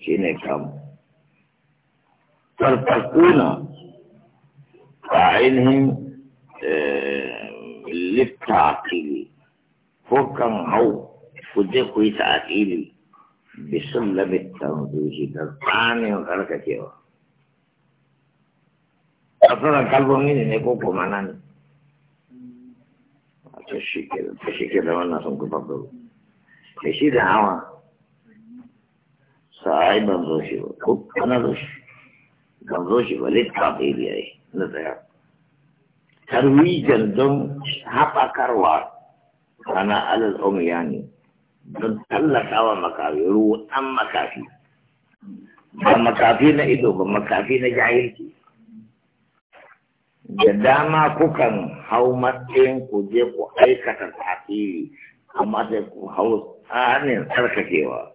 shi ne kamu tarfakuna a ainihin lifta akili ko kan hau ku je ku yi ta akili bisun labin tanzuhi da tsanin karkacewa kasarar kalmomi ne ko kuma nan a ta shi ke da wannan sun kufa da shi da hawa sai ban zo shi ba ko ana zo shi tarwijan don haɓakarwa ana alal umiya ne don tallatawa makafi ruwan makafi ba makafi na ido ba makafi na jahilci da dama kukan hau matsayin ku je ku aikata tasiri amma sai ku hau tsarin tsarkakewa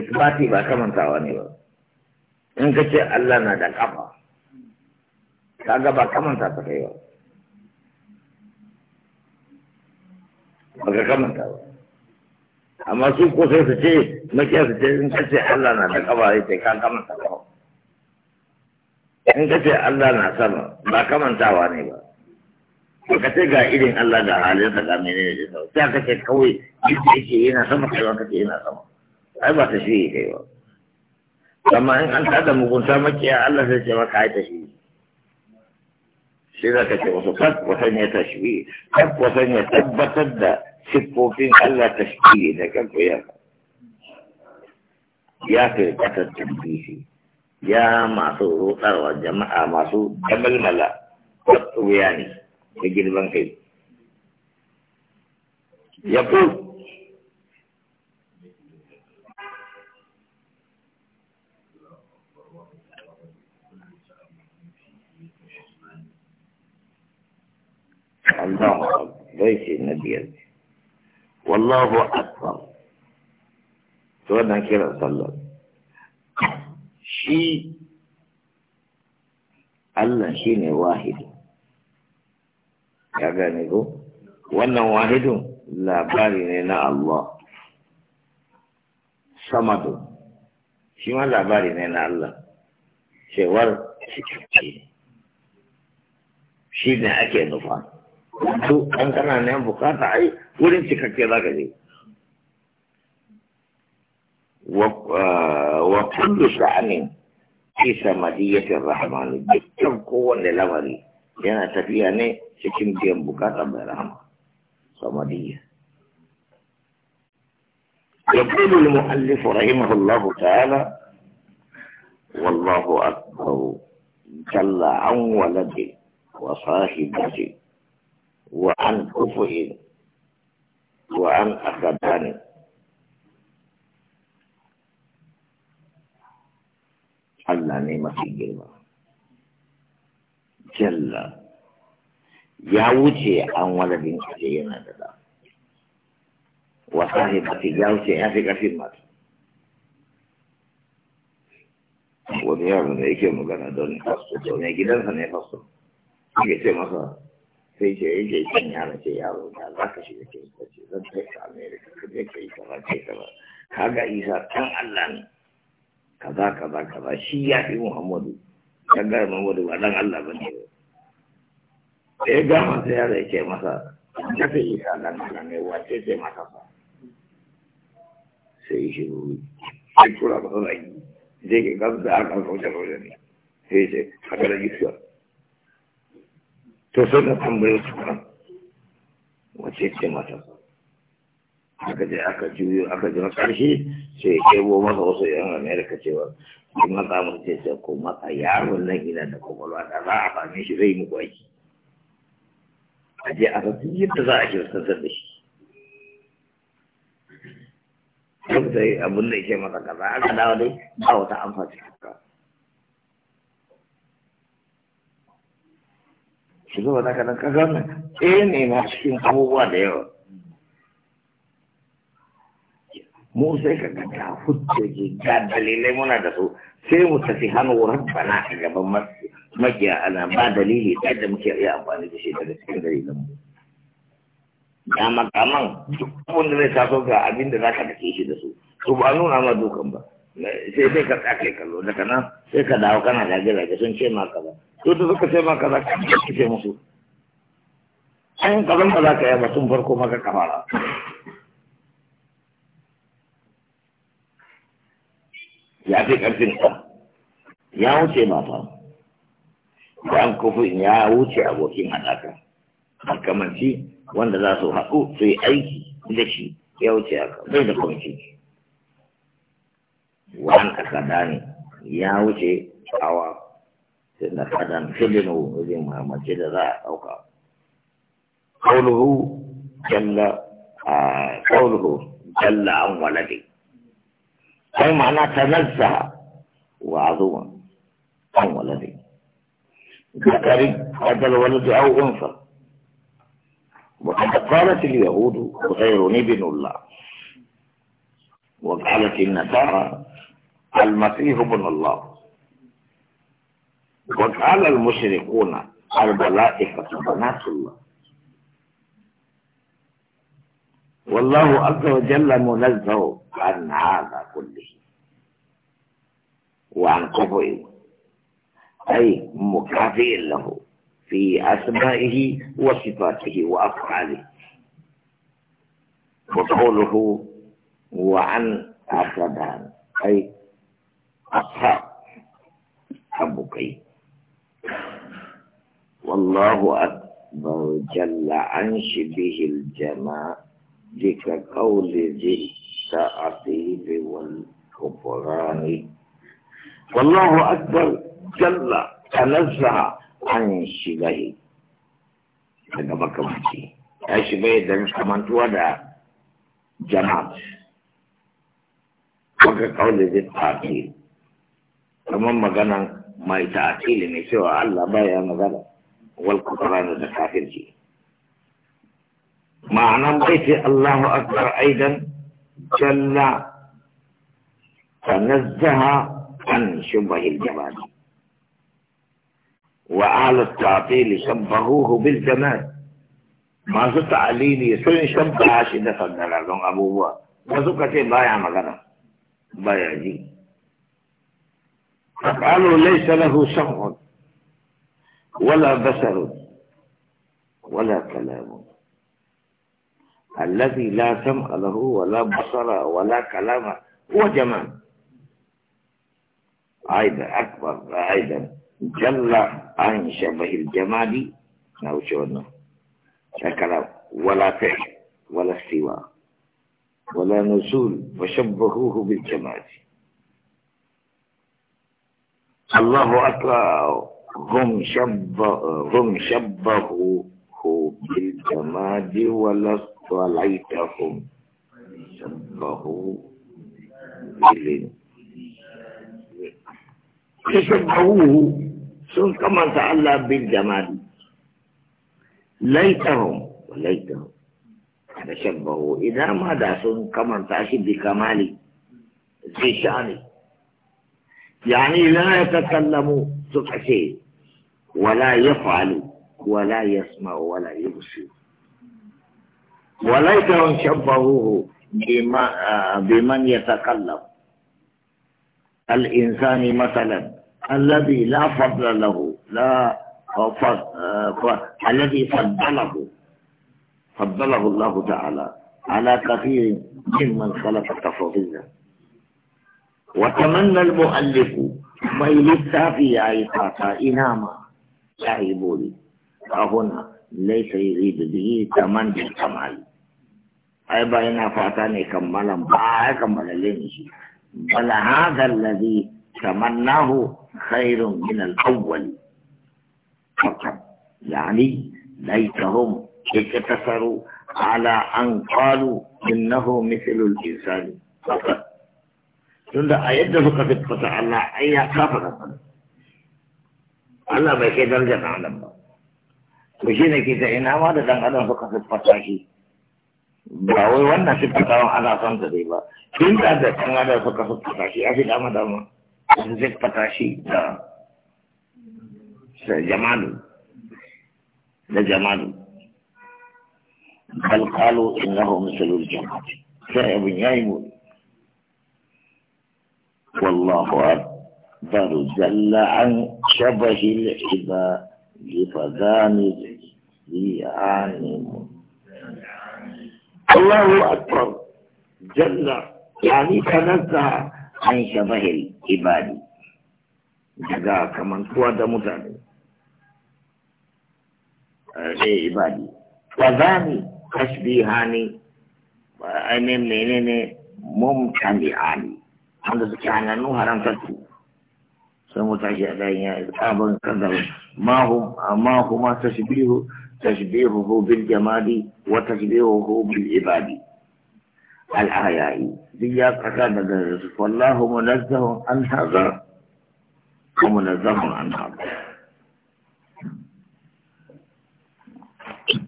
isbati ba kamantawa ne ba in ka ce Allah na da kafa kaga ba kamanta ta kai ba ba ka kamanta ba amma su ko sai su ce makiya su ce in ka ce Allah na da kafa ya ce ka kamanta ba in ka ce Allah na sama ba kamantawa ne ba ba ka ce ga irin Allah da halin sa ga menene da sau sai ka ce kawai yadda yake yana sama kai ka ce yana sama ai ba ta shiri kai ba amma in an tada mugunta makiya Allah zai ce maka ai ta shiri sai za ka ce wasu tabbata ne ta shiri tabbata ne tabbatar da siffofin Allah ta shiri da kan koyar ya kai kwatar tambisi ya masu rutsarwa jama'a masu damalmala wasu wuya ne da girman kai ya kuma الله أكبر ليس النبي والله أكبر Allah shi ne wahidu, ya Wannan wahidu labari ne na Allah, samadu shi ma labari ne na Allah cewar shi ne ake nufa su an kana ne bukata ai wurin cikakke za ka je wa ah, kullu sha'anin fi samadiyatir rahman dukkan kowanne lamari yana tafiya ne cikin biyan bukata mai rahama samadiyya يقول المؤلف رحمه الله تعالى والله أكبر جل عن ولدي وصاحبتي وعن أفئ وعن أخدان Allah ne mafi جل يا ya عن ولدي أجينا لله wa sahibati ya wuce ya fi ƙarfin mata wani yaro da yake doni don fasto da wani gidansa ne fasto yake ce masa sai ce yake cin yaro ce yaro da za ka ke cikin kwace zan kai ka amerika ka je ka yi kaza kai kaza ka ga isa kan allah ne kaza kaza kaza shi ya fi muhammadu ya ga muhammadu ba dan allah ba ne ya gama sai yaro ya ke masa ka fi isa dan allah ne wace ce masa fa sai shiru sai kura ba zai zai ke gamsa a kan kauce-kauce ne sai sai haka da gisuwa to sai ka tambaye su kan wace mata aka je aka juyo aka ji sai kebo yan amerika cewa ce ko da kwakwalwa da za a same shi zai a je yadda za a kirtantar da shi duk sai abin da yake masa kaza aka dawo dai ba wata amfani haka shi zuwa da kanan kaga ne eh ne ma cikin abubuwa da yawa mu sai ka ga hujjoji ga dalilai muna da su sai mu tafi hannu rabbana a gaban makiya ana ba dalili ɗaya da muke iya amfani da shi daga cikin dalilan mu da makaman duk wanda zai taso ga abin da za ka dake shi da su su ba nuna ma dukan ba sai sai ka tsake kallo daga nan sai ka dawo kana zage-zage sun ce ma kaza to da suka ce ma kaza ka ce musu an kazan ba za ka ba, tun farko maka kafara ya fi ƙarfin ka ya wuce mata ba an kofin ya wuce abokin haɗaka makamanci wanda za su haɗu su yi aiki da shi ya wuce haka bai da kwamci wani akada ne ya wuce awa sai na kadan filin wajen da za a ɗauka قوله جل آه قوله جل عن ولده أي معنى تنزه وعظوما عن ولده ذكر هذا الولد أو وقد قالت اليهود غير ابن الله وقالت النصارى المسيح ابن الله وقال المشركون الملائكة بنات الله والله عز وجل منزه عن هذا كله وعن كفره أي مكافئ له في أسمائه وصفاته وأفعاله وقوله وعن أخذان أي أصحاب أبوكي والله أكبر جل عن شبه الجماع ذك قول ذي التعطيب والكفران والله أكبر جل تنزه an shibahi daga makamanci ya shibahi da kamantuwa da jama'at maka kawai zai tafi kamar maganan mai ta'atili mai cewa Allah baya magana wal kufran da kafirci ma'anan baiti Allahu akbar aidan jalla tanazzaha an shubahil jabali وأهل التعطيل شبهوه بالجمال ما su ta'alili sun shabba shi da أبو هو ما زلت ce بايع magana بايع جي فقالوا ليس له سمع ولا بصر ولا كلام الذي لا سمع له ولا بصر ولا كلام هو جمال أيضا أكبر أيضا جل عن شبه الجماد أو نعم، شونه شكرا ولا فعل ولا استواء ولا نزول وشبهوه بالجماد الله أطلع هم شبه هم شبهوه بالجماد ولا اطلعتهم شبهوا بالجماد شبهوه شوف كما تعلق بالجمال ليتهم وليتهم تشبهوا إذا ما داسون كما تعشي بكمالي في شاني يعني لا يتكلموا تحسي ولا يفعل ولا يسمع ولا يبصروا وليتهم شبهوه بما آه، بمن يتكلم الإنسان مثلاً الذي لا فضل له لا آه، الذي فضله فضله الله تعالى على كثير ممن خلق تفضيلا وتمنى المؤلف ما يلتا في عيقاتا إناما شعيبولي فهنا ليس يريد به تمن الكمال أي بين فاتني كمالا باع كمالا لنشي بل هذا الذي tamannahu khairun min al-awwal faqat yani laitahum iktasaru ala an qalu innahu mithlu al-insani faqat tunda a yadda suka fitfata Allah ai ya kafa Allah bai kai darajar na Allah ba to shi ke ta ina ma da dan suka fitfata ba wai wannan siffatawan ana son ta dai ba tun da da suka انزل فتاشي دا جمال ده جمال بل قالوا انه مثل الجمال سائب يايمون والله أكبر جل عن شبه العباد فذان يعانم الله أكبر جل يعني تنزه عن شبه ibadi daga kamantuwa da mutane eh ibadi wa zani tashbihani ne menene mumtani'ani wanda suke hannu haramtattu sai mu tashi a ɗayan ya tsaban kadar mahu amma kuma tashbihu tashbihuhu bil jamadi wa tashbihuhu bil ibadi الآياء ديات أكاد والله منزه عن هذا ومنزه عن هذا